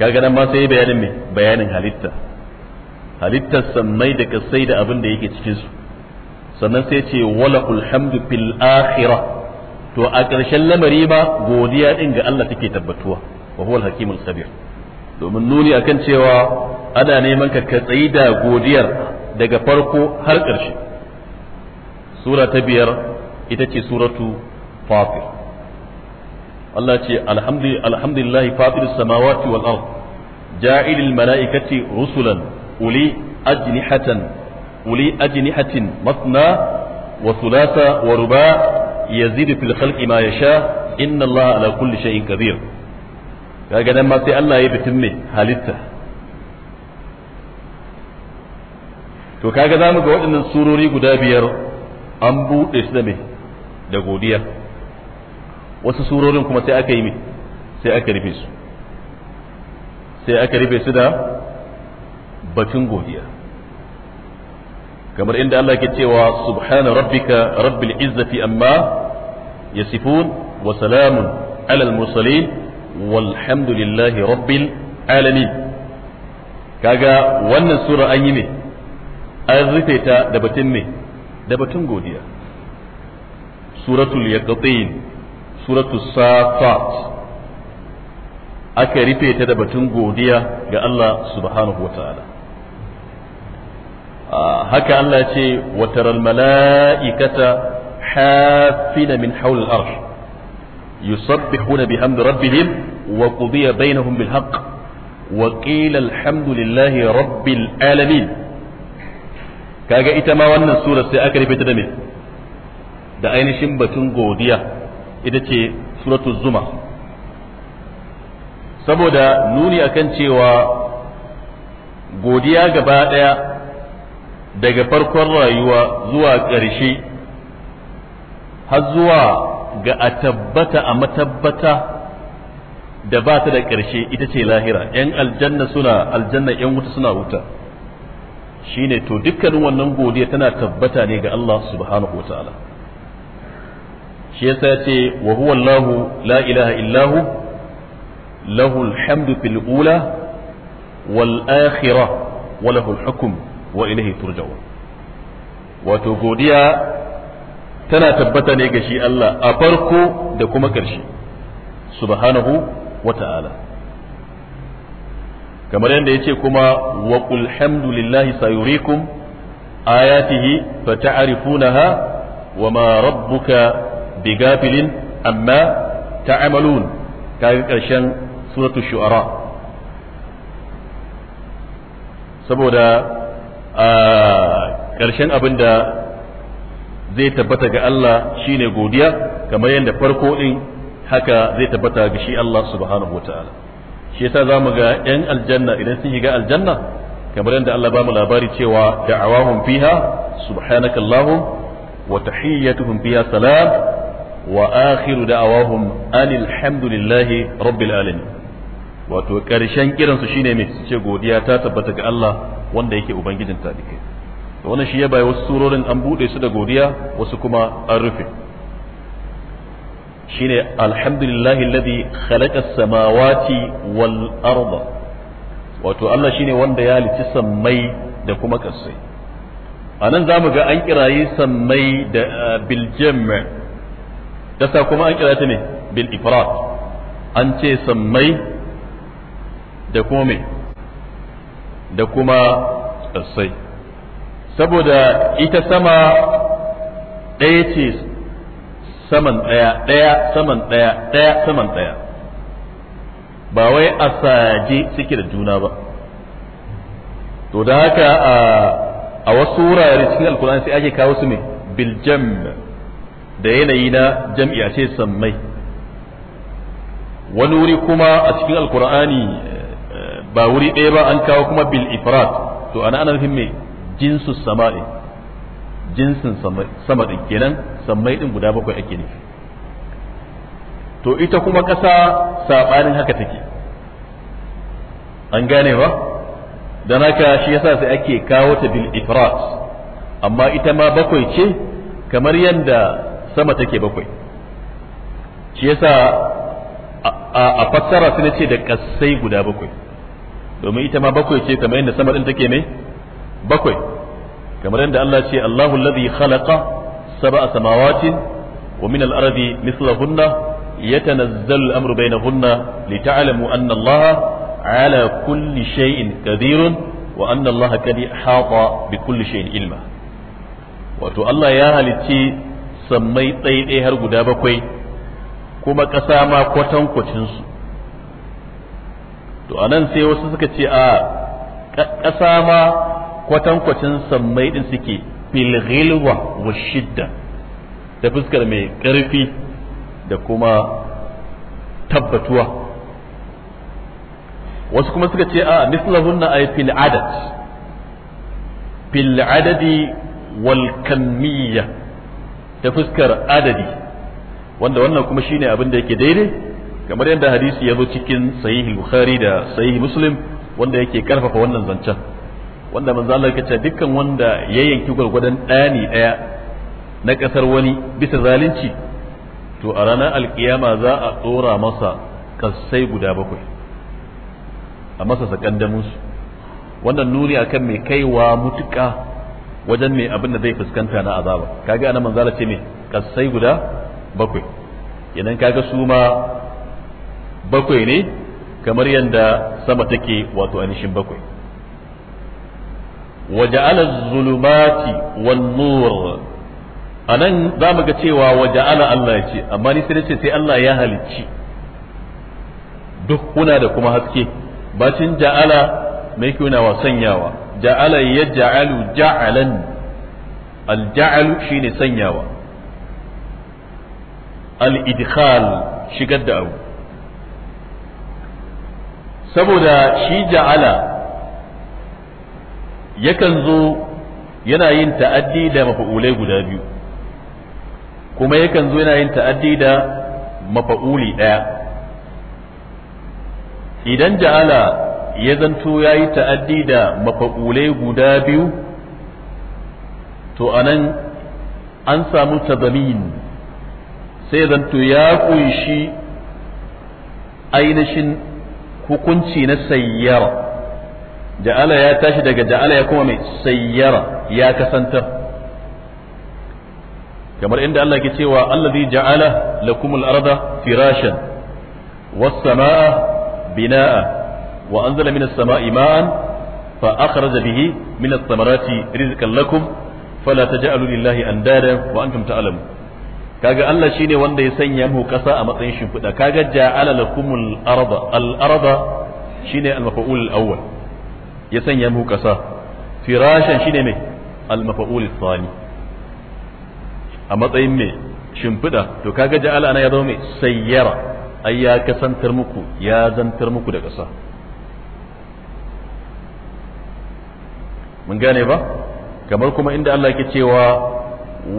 kaga nan ma sai bayanin me bayanin halitta halittar sammai da kasai da abin da yake cikin su sannan sai ce wala alhamdu fil akhirah to a ƙarshen lamari ba godiya din ga Allah take tabbatuwa wa huwa hakimul domin nuni akan cewa ana neman ka ka tsayi da godiyar daga farko har ƙarshe sura ta biyar ita ce suratu fatir Allah ce alhamdulillah fatir samawati wal ard ja'ilil mala'ikati rusulan uli ajnihatan uli ajnihatin matna wa thulatha wa ruba yazidu fil khalqi ma yasha inna Allah ala kulli shay'in qadir kaga nan ma sai Allah ya bitin me halitta to kaga zamu ga waɗannan surori guda biyar an buɗe su da me da godiya wasu surorin kuma sai aka yi mai sai aka rufe su sai aka rufe su da batun godiya kamar inda Allah ke cewa subhana rabbika rabbil izzati amma yasifun wa salamun alal mursalin walhamdulillahi rabbil alamin kaga wannan sura an yi ne an rufe ta da batun ne da batun godiya suratul yaqtin suratu safat aka rufe ta da batun godiya ga Allah subhanahu wata'ala haka Allah ya ce wataral mala'ikata hafina min al arsh yusabbihuna bihamdi rabbihim wa qudiya bainahum bil haqq wa qila alhamdulillahi rabbil alamin kaga ita ma wannan sura sai aka rufe ta da me da ainihin batun godiya ita ce suratul zuma saboda nuni akan cewa godiya gaba ɗaya daga farkon rayuwa zuwa ƙarshe har zuwa ga a tabbata a matabbata da ba ta da ƙarshe ita ce lahira 'yan aljanna suna aljanna 'yan wuta suna wuta shine to dukkanin wannan godiya tana tabbata ne ga Allah subhanahu wa ta'ala shi yasa ya ce wa huwa la ilaha illahu lahu alhamdu fil ula wal akhirah wa lahu hukm wa ilayhi turja'un wato godiya tana tabbata ne ga shi Allah a farko da kuma ƙarshe subhanahu wa ta'ala kamar yadda yace kuma wa qul hamdulillahi sayurikum ayatihi fa naha wa ma rabbuka bi filin amma ta'amalun kaga karshen suratul shu'ara saboda a karshen abin da zai tabbata ga Allah shine godiya kamar yadda farko din haka zai tabbata ga shi Allah subhanahu wataala shi yasa zamu ga yan aljanna idan sun shiga aljanna kamar yadda Allah ba mu labari cewa da'awahum fiha subhanakallahum wa tahiyyatuhum fiha salam وآخر دعواهم أن الحمد لله رب العالمين wato ƙarshen kiransu shine mai ce godiya ta tabbata ga Allah wanda yake ubangijin talikai to wannan shi ya bai wasu surorin an bude su da godiya wasu kuma an rufe shine alhamdulillahi alladhi khalaqa samawati wal arda wato Allah shine wanda ya halicci sammai da kuma kasai anan zamu ga an kirayi sammai da uh, bil jam' ƙasa kuma an kira ta ne bil ifrat an ce sammai da kuma mai da kuma tsassai saboda ita sama ɗaya ce saman ɗaya ɗaya saman ɗaya ɗaya saman ɗaya ba wai a saje suke da juna ba to da haka a wasu wurare cikin alkur'ani sai ake kawo su ne biljam da yanayi na jam'i a ce sammai wani wuri kuma a cikin alkur'ani eh, ba wuri ɗaya ba an kawo kuma bil ifrat to ana ana nufin mai jinsu sama'i jinsin sama ɗin kenan sammai ɗin guda bakwai ake nufi to ita kuma ƙasa saɓanin haka take an gane ba don haka shi yasa sai ake kawo ta bil ifrat amma ita ma bakwai ce kamar yadda sama take bakwai shi yasa a fassara su ce da kasai guda bakwai domin ita ma bakwai ce kamar yadda sama din take ne bakwai kamar yadda Allah ce Allahu alladhi khalaqa sab'a samawatin wa min al-ardi mithlahunna yatanazzalu al-amru bainahunna lita'lamu anna Allah ala kulli shay'in qadirun wa anna Allah qad bi kulli shay'in ilma wato Allah ya halicci sammai ɗaiɗai har guda bakwai kuma ƙasa ma kwacinsu to anan sai wasu suka ce a ƙasa ma kwatankwacin sammai ɗin suke filghilwa wa shidda da fuskar mai ƙarfi da kuma tabbatuwa wasu kuma suka ce a mislahunna na fil adad fil adadi wal kammiyya ta fuskar adadi wanda wannan kuma shine abin da yake daidai kamar yadda hadisi ya zo cikin sahih bukhari da sahih muslim wanda yake karfafa wannan zancen wanda manzo Allah yake cewa dukkan wanda ya yanki ɗaya ne ɗaya na ƙasar wani bisa zalunci to a ranar alkiyama za a tsora masa kasai guda bakwai a masa sakandaminsu wannan nuni akan mai kaiwa mutuƙa wajen mai abin da zai fuskanta na azaba kaga anan manzala ce me kasai guda bakwai idan kaga su ma bakwai ne kamar yadda sama take wato anishin bakwai waja'ala zulumati wan nur anan za mu ga cewa waja'ala Allah ya ce amma ni sai ce sai Allah ya halicci duk kuna da kuma haske bacin ja'ala mai kuna wa sanyawa ja'ala ya ja'alu ja'alan al-ja'al shine sanyawa al-idkhal shigar da abu saboda shi ja'ala yakan zo yana yin ta'addi da mafa'ulai guda biyu kuma yakan zo yana yin ta'addi da mafa'uli ɗaya idan ja'ala ya zanto ya yi ta'addi da mafaƙulai guda biyu to anan an samu tazamin sai zanto ya kunshi ainihin hukunci na sayyara ja'ala ya tashi daga ja'ala ya kuma mai sayyara ya kasantar kamar inda Allah ke cewa Allah zai ja'ala lakumul arda firashan was samaa binaa wa anzala minas sama'i ma'an fa akhraja bihi minas samarati rizqan lakum fala taj'alu lillahi andada wa antum ta'lamun kaga Allah shine wanda ya sanya mu kasa a matsayin shimfiɗa kaga ja'ala lakumul arda al arda shine al mafa'ul awwal ya sanya mu kasa firashan shine me al mafa'ul thani a matsayin me shimfiɗa to kaga ja'ala ana ya zama me sayyara ai ya kasantar muku ya zantar muku da kasa mun gane ba kamar kuma inda Allah yake cewa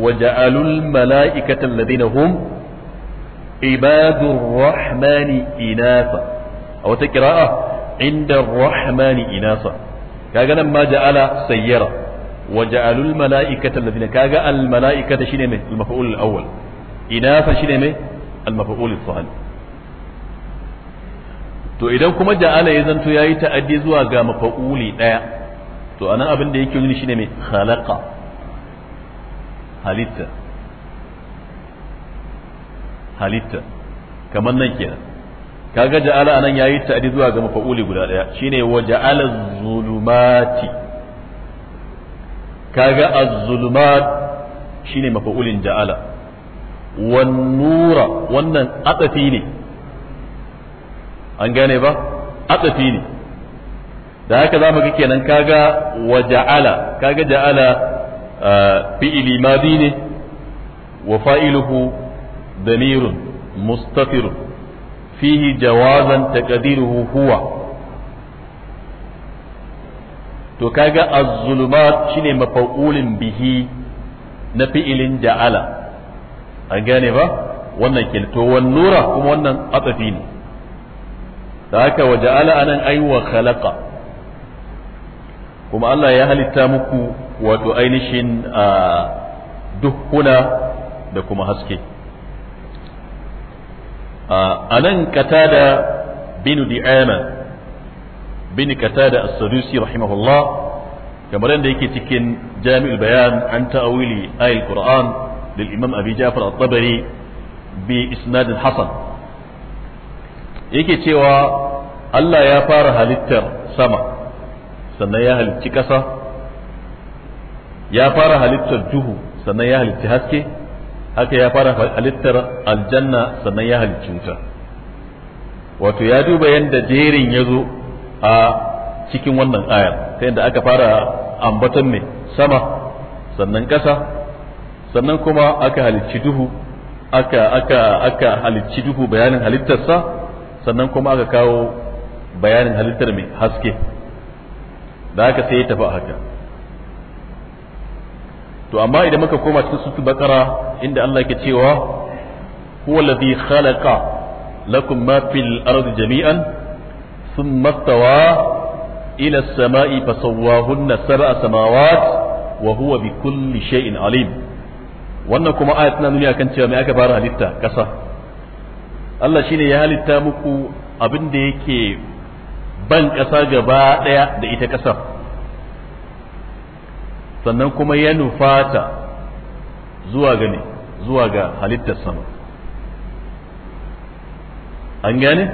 waja'alul mala'ikata alladhina hum ibadur rahmani inasa a wata kira'a inda rahmani inasa kaga nan ma ja'ala sayyara waja'alul mala'ikata alladhina kaga al mala'ikata shine mai al maf'ul al awwal inasa shine mai al maf'ul al thani to idan kuma ja'ala ya zanto yayi ta'addi zuwa ga maf'uli daya to anan abin da yake nuni shine mai khalaqa halitta halitta kamar nan kenan kaga ja'ala anan yayi ta'adi zuwa ga mafa'uli guda daya shine wa ja'ala zulumati kaga az-zulumat shine mafa'ulin ja'ala wan nura wannan atafi ne an gane ba atafi ne da haka za mu ga kenan kaga wa ja'ala kaga ja'ala fi'ili madi ne wa fa'iluhu damirun mustafirun fihi jawazan taqdiruhu huwa to kaga az-zulumat shine mafa'ulin bihi na fi'ilin ja'ala an gane ba wannan To wan nura kuma wannan atafi ne da haka wa ja'ala anan ay wa khalaqa kuma Allah ya halitta muku wato ainihin a da kuma haske a nan katada bin di'ana bin katada as-sadusi rahimahullah kamar yadda yake cikin jami'ul bayan an ta'awili ayil qur'an lil imam abi ja'far at-tabari bi isnad hasan yake cewa Allah ya fara halittar sama sannan ya halicci ƙasa ya fara halittar duhu sannan ya halicci haske haka ya fara halittar aljanna sannan ya halicci wuta wato ya duba yadda jerin ya zo a cikin wannan ayar ta yadda aka fara ambaton mai sama sannan ƙasa sannan kuma aka halicci duhu aka aka aka halicci duhu bayanin halittarsa sannan kuma aka kawo bayanin halittar mai haske da haka sai ya tafi haka to amma idan muka koma cikin suratul baqara inda Allah yake cewa huwa alladhi khalaqa lakum ma fil ardi jami'an thumma istawa ila as-sama'i fasawwahunna sab'a samawat wa huwa bi kulli shay'in alim wannan kuma ayat tana nuni akan cewa me aka fara halitta kasa Allah shine ya halitta muku abin da yake ban ƙasa gaba ɗaya da ita ƙasar sannan kuma ya nufa ta zuwa ga ne zuwa ga halittar sama an gane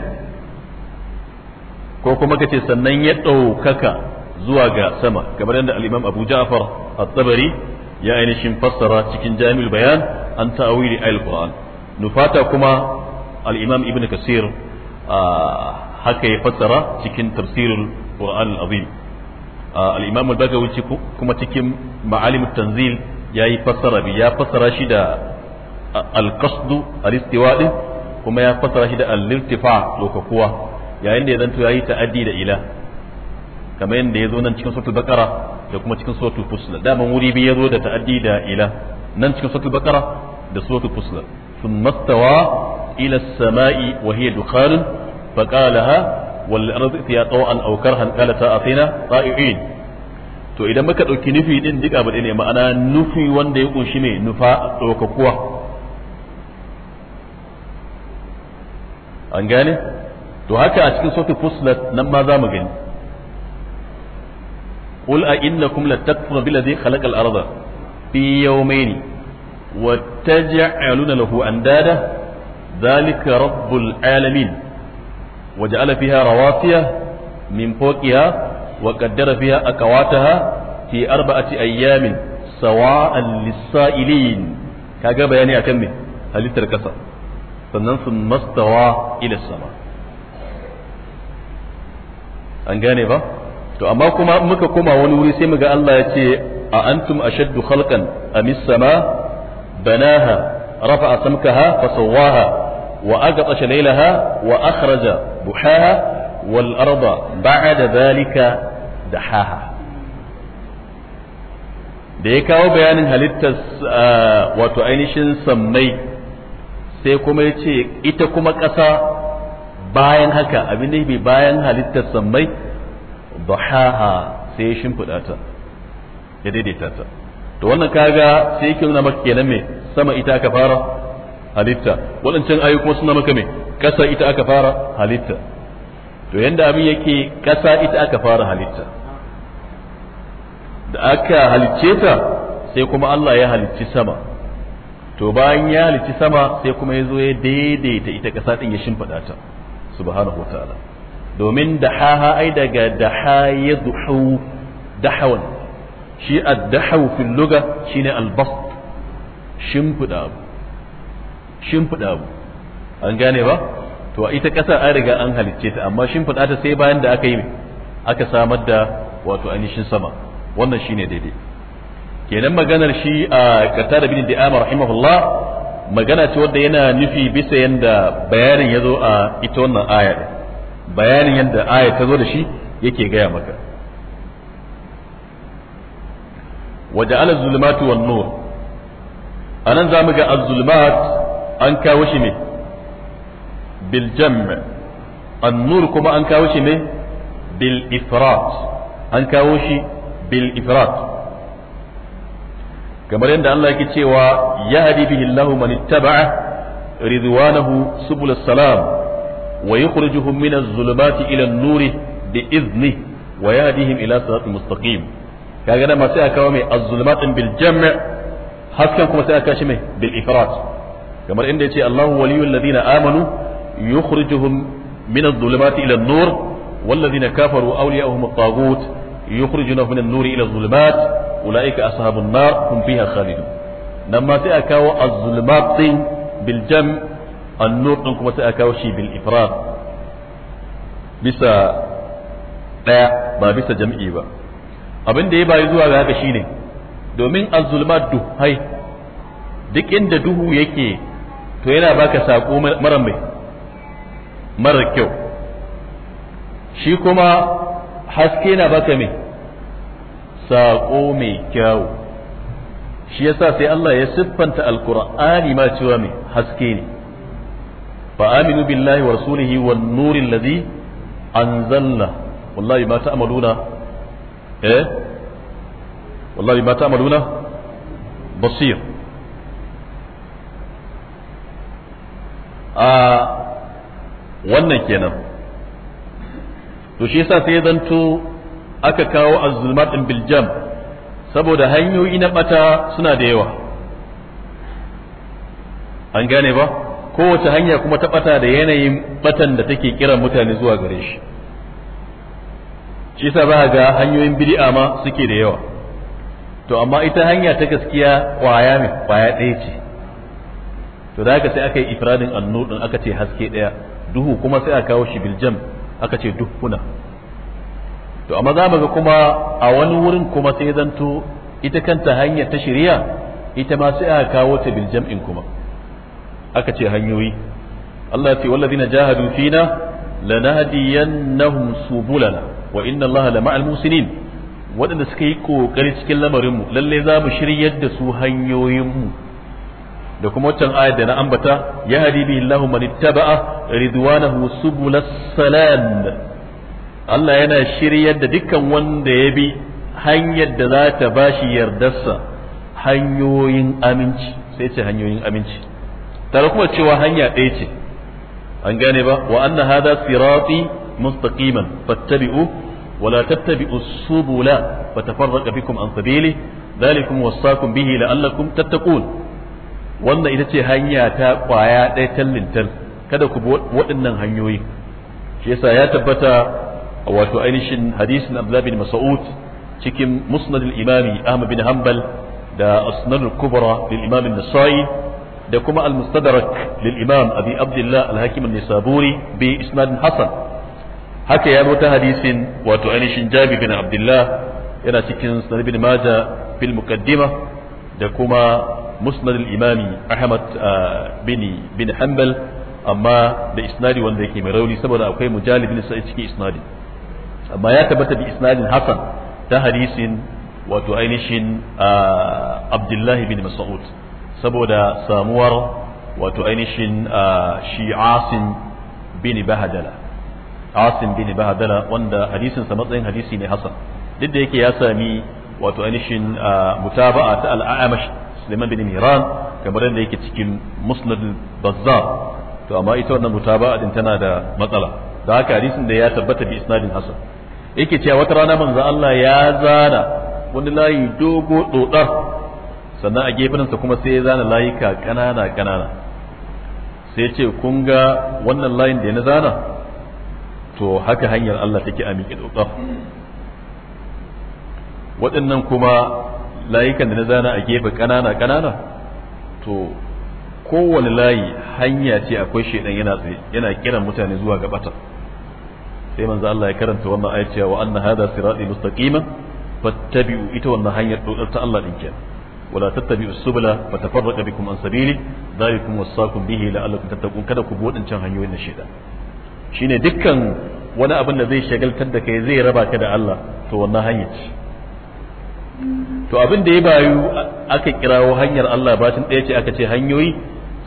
ko kuma ka ce sannan ya ɗaukaka zuwa ga sama kamar yadda al'imam abu ja'far at-tabari ya ainihin fassara cikin jami'ul bayan an ta'awili al-qur'an nufata kuma al'imam ibn kasir a ah, haka ya fassara cikin tafsirin Qur'an al-Azim al-Imam al-Bagawi kuma cikin Ma'alim tanzil yayi fassara bi ya fassara shi da al-qasd al-istiwa din kuma ya fassara shi da al-irtifa lokakuwa yayin da ya zanto yayi ta'addi da ila kamar yadda ya zo nan cikin suratul baqara da kuma cikin suratul fusla daman wuri biyu ya zo da ta'addi da ila nan cikin suratul baqara da suratul fusla thumma stawa ila as-sama'i wa hiya dukhanun فقالها والأرض فيها طوعا أو كرها قالت أعطينا طائعين to idan muka ɗauki nufi din duk abu ne ma'ana nufi wanda ya kunshi ne nufa ɗaukakuwa an gane to haka a cikin sofi fuslat nan ma za mu gani قل أئنكم لتكفرون بالذي خلق الأرض في يومين وتجعلون له أندادا ذلك رب العالمين وجعل فيها رواسي من فوقها وقدر فيها أكواتها في أربعة أيام سواء للسائلين كاجا بياني أكمل هل تركسر sannan sun mastawa ila sama an gane ba to amma kuma muka koma wani wuri sai muga Allah ya ce a antum ashaddu halkan amis sama banaha rafa'a samkaha fasawaha وأغطش ليلها وأخرج ضحاها والأرض بعد ذلك دحاها da ya kawo bayanin halittar wato ainihin sammai sai kuma ya ce ita kuma ƙasa bayan haka abin da bi bayan halittar sammai bahaha sai ya shimfiɗa ta ya daidaita ta to wannan kaga sai yake nuna maka kenan me sama ita aka fara halitta waɗancan ayu kuma suna maka mai ƙasa ita aka fara halitta to yanda abin yake ƙasa ita aka fara halitta da aka halicce ta sai kuma Allah ya halicci sama to bayan ya halicci sama sai kuma ya zo ya daidaita ita ƙasa ɗin ya shimfiɗa ta subhanahu wa ta'ala domin da haha ai daga da ha ya duhu dahawan shi ad-dahaw fil lugha shine al-bast shimfiɗa abu shimfiɗa abu an gane ba to ita ƙasa an riga an halicce ta amma shimfiɗa ta sai bayan da aka yi aka samar da wato ainihin sama wannan shine daidai kenan maganar shi a qatada bin da'ama rahimahullah magana ce wanda yana nufi bisa yanda bayanin ya zo a ita wannan aya bayanin yanda aya ta zo da shi yake gaya maka waje ala zulmatu wan nur anan zamu ga az an kawo shi ne bil jam' an-nur kuma an kawo shi ne bil ifrat an kawo shi bil ifrat kamar yadda Allah yake cewa yahdi bihi Allahu man ittaba'a ridwanahu subul salam wa yukhrijuhum min az-zulumati ila an-nur bi idhnihi wa yahdihim ila siratin mustaqim kaga da ma sai aka kawo mai az-zulumat bil jam' kuma sai aka shi mai bil ifrat kamar inda yace Allahu waliyul ladina amanu yukhrijuhum min adh-dhulumati ila an-nur wal ladina kafaru awliya'uhum at-taghut yukhrijunahum min an-nur ila adh-dhulumat ulaika ashabun nar hum fiha khalidun nan ma sai aka kawo adh-dhulumat bil jam' an-nur din kuma sai aka kawo shi bil ifrad bisa daya ba bisa jam'i ba abin da ya bayi zuwa ga haka shine domin azulma duhai duk inda duhu yake to yana baka saƙo mara mai mara kyau shi kuma haske na baka mai saƙo mai kyau shi yasa sai Allah ya siffanta alqur'ani ma cewa mai haske ne fa aminu billahi wa rasulihi wan nuril ladhi anzalna wallahi ma ta'maluna eh wallahi ma ta'maluna basir a wannan kenan to shi yasa sai zanto aka kawo azulmatin biljam saboda hanyoyi na bata suna da yawa an gane ba kowace hanya kuma ta bata da yanayin batan da take kiran mutane zuwa gare shi shi yasa ga hanyoyin bid'a ma suke da yawa to amma ita hanya ta gaskiya kwaya ne kwaya ɗaya ce to da haka sai aka yi ifradin annur din aka ce haske daya duhu kuma sai aka kawo shi biljam aka ce duhuna to amma za mu ga kuma a wani wurin kuma sai zanto ita kanta hanyar ta shari'a ita ma sai aka kawo ta biljam in kuma aka ce hanyoyi Allah ya ce wallazina jahadu fina lanahdiyannahum subulana wa inna Allah la ma'al musinin waɗanda suka yi ƙoƙari cikin lamarinmu lalle za mu shiryar da su hanyoyinmu da kuma waccan ayar da na ambata ya hadi bihi Allahu man ittaba'a ridwanahu subulas salam Allah yana shiryar da dukkan wanda ya bi hanyar da za ta bashi yardarsa hanyoyin aminci sai ce hanyoyin aminci tare kuma cewa hanya ɗaya ce an gane ba wa anna hadha sirati mustaqiman fattabi'u wa la tattabi'u subula fatafarraqa bikum an sabili dhalikum wasaqakum bihi la'allakum wannan ita ce hanya ta kwaya ɗaya tallintan, kada ku bi waɗannan hanyoyi shi yasa ya tabbata a wato ainihin hadisin Abdullah bin Mas'ud cikin Musnad al-Imam Ahmad bin Hanbal da Asnan al-Kubra lil Imam an-Nasa'i da kuma al-Mustadrak lil Imam Abi Abdullah al-Hakim an-Nisaburi bi isnad hasan haka ya ta hadisin wato ainihin Jabi bin Abdullah yana cikin Sunan bin Majah fil muqaddima da kuma musnad al-imami ahmad uh, bin bin hanbal amma da isnadi wanda yake mai rauni saboda akwai mujalib bin sai cikin isnadi amma ya tabbata bi isnadin hasan ta hadisin wato ainihin uh, abdullahi bin mas'ud saboda samuwar wato ainihin uh, shi asim bin bahadala asim bin bahadala wanda hadisinsa matsayin hadisi ne hasan duk da yake ya sami wato ainihin mutaba'a ta al'amash Suleiman bin Miran kamar yadda yake cikin Musnad Bazzar to amma ita wannan mutaba'a din tana da matsala da haka hadisin da ya tabbata bi isnadin hasan yake cewa wata rana manzo Allah ya zana wani layi dogo dodar sannan a gefensa kuma sai ya zana layuka kanana kanana sai ya ce kun ga wannan layin da ya zana to haka hanyar Allah take a miƙe dodar waɗannan kuma layukan da na zana a gefe kanana kanana to kowane layi hanya ce akwai shaidan yana yana kiran mutane zuwa ga bata sai manzo Allah ya karanta wannan ayat cewa wa anna hadha sirati mustaqiman fattabi'u ita wannan hanyar dokar ta Allah din kenan wala tattabi'u subula fatafarraqa bikum an sabili dhalikum wasaqu bihi la'allakum tattaqun kada ku bi can hanyoyin na shaidan shine dukkan wani abin da zai shagaltar da kai zai raba ka da Allah to wannan hanyar ce to abin da ya bayu aka kirawo hanyar Allah bacin ɗaya ce aka ce hanyoyi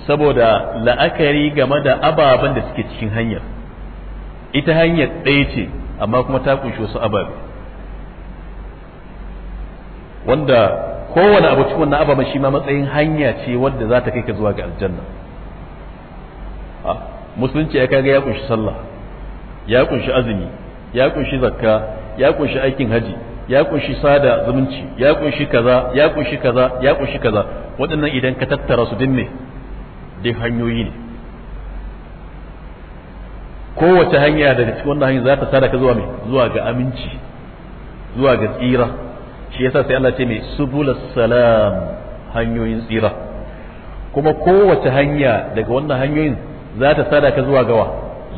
saboda la'akari game da ababen da suke cikin hanyar ita hanyar ɗaya ce amma kuma ta kunshi wasu ababe wanda kowane abu cikin wannan ababen shi ma matsayin hanya ce wadda za ta kai ka zuwa ga aljanna musulunci ya kaga ya kunshi sallah ya kunshi azumi ya kunshi zakka ya kunshi aikin haji ya kunshi sada zumunci ya kunshi kaza ya kunshi kaza ya kunshi kaza waɗannan idan ka tattara su dinne dai hanyoyi ne kowace hanya daga cikin wannan hanyar za ta sada ka zuwa mai zuwa ga aminci zuwa ga tsira shi yasa sai Allah ce mai subulus salam hanyoyin tsira kuma kowace hanya daga wannan hanyoyin za ta sada ka zuwa gawa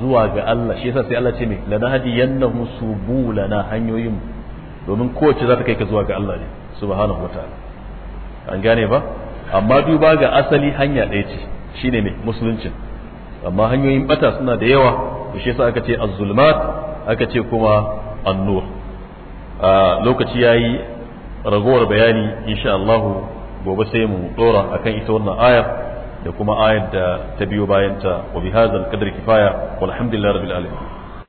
zuwa ga Allah shi yasa sai Allah ce mai lana hadiyannahum subulana hanyoyin domin kowace za ta kai ka zuwa ga Allah ne subhanahu wataala an gane ba amma duba ga asali hanya ɗaya ce shine ne musuluncin amma hanyoyin bata suna da yawa to shi yasa aka ce az-zulmat aka ce kuma an-nur lokaci yayi ragowar bayani insha Allah gobe sai mu dora akan ita wannan ayar da kuma ayar da ta biyo bayanta ta wa bihadha qadri kifaya walhamdulillahi rabbil alamin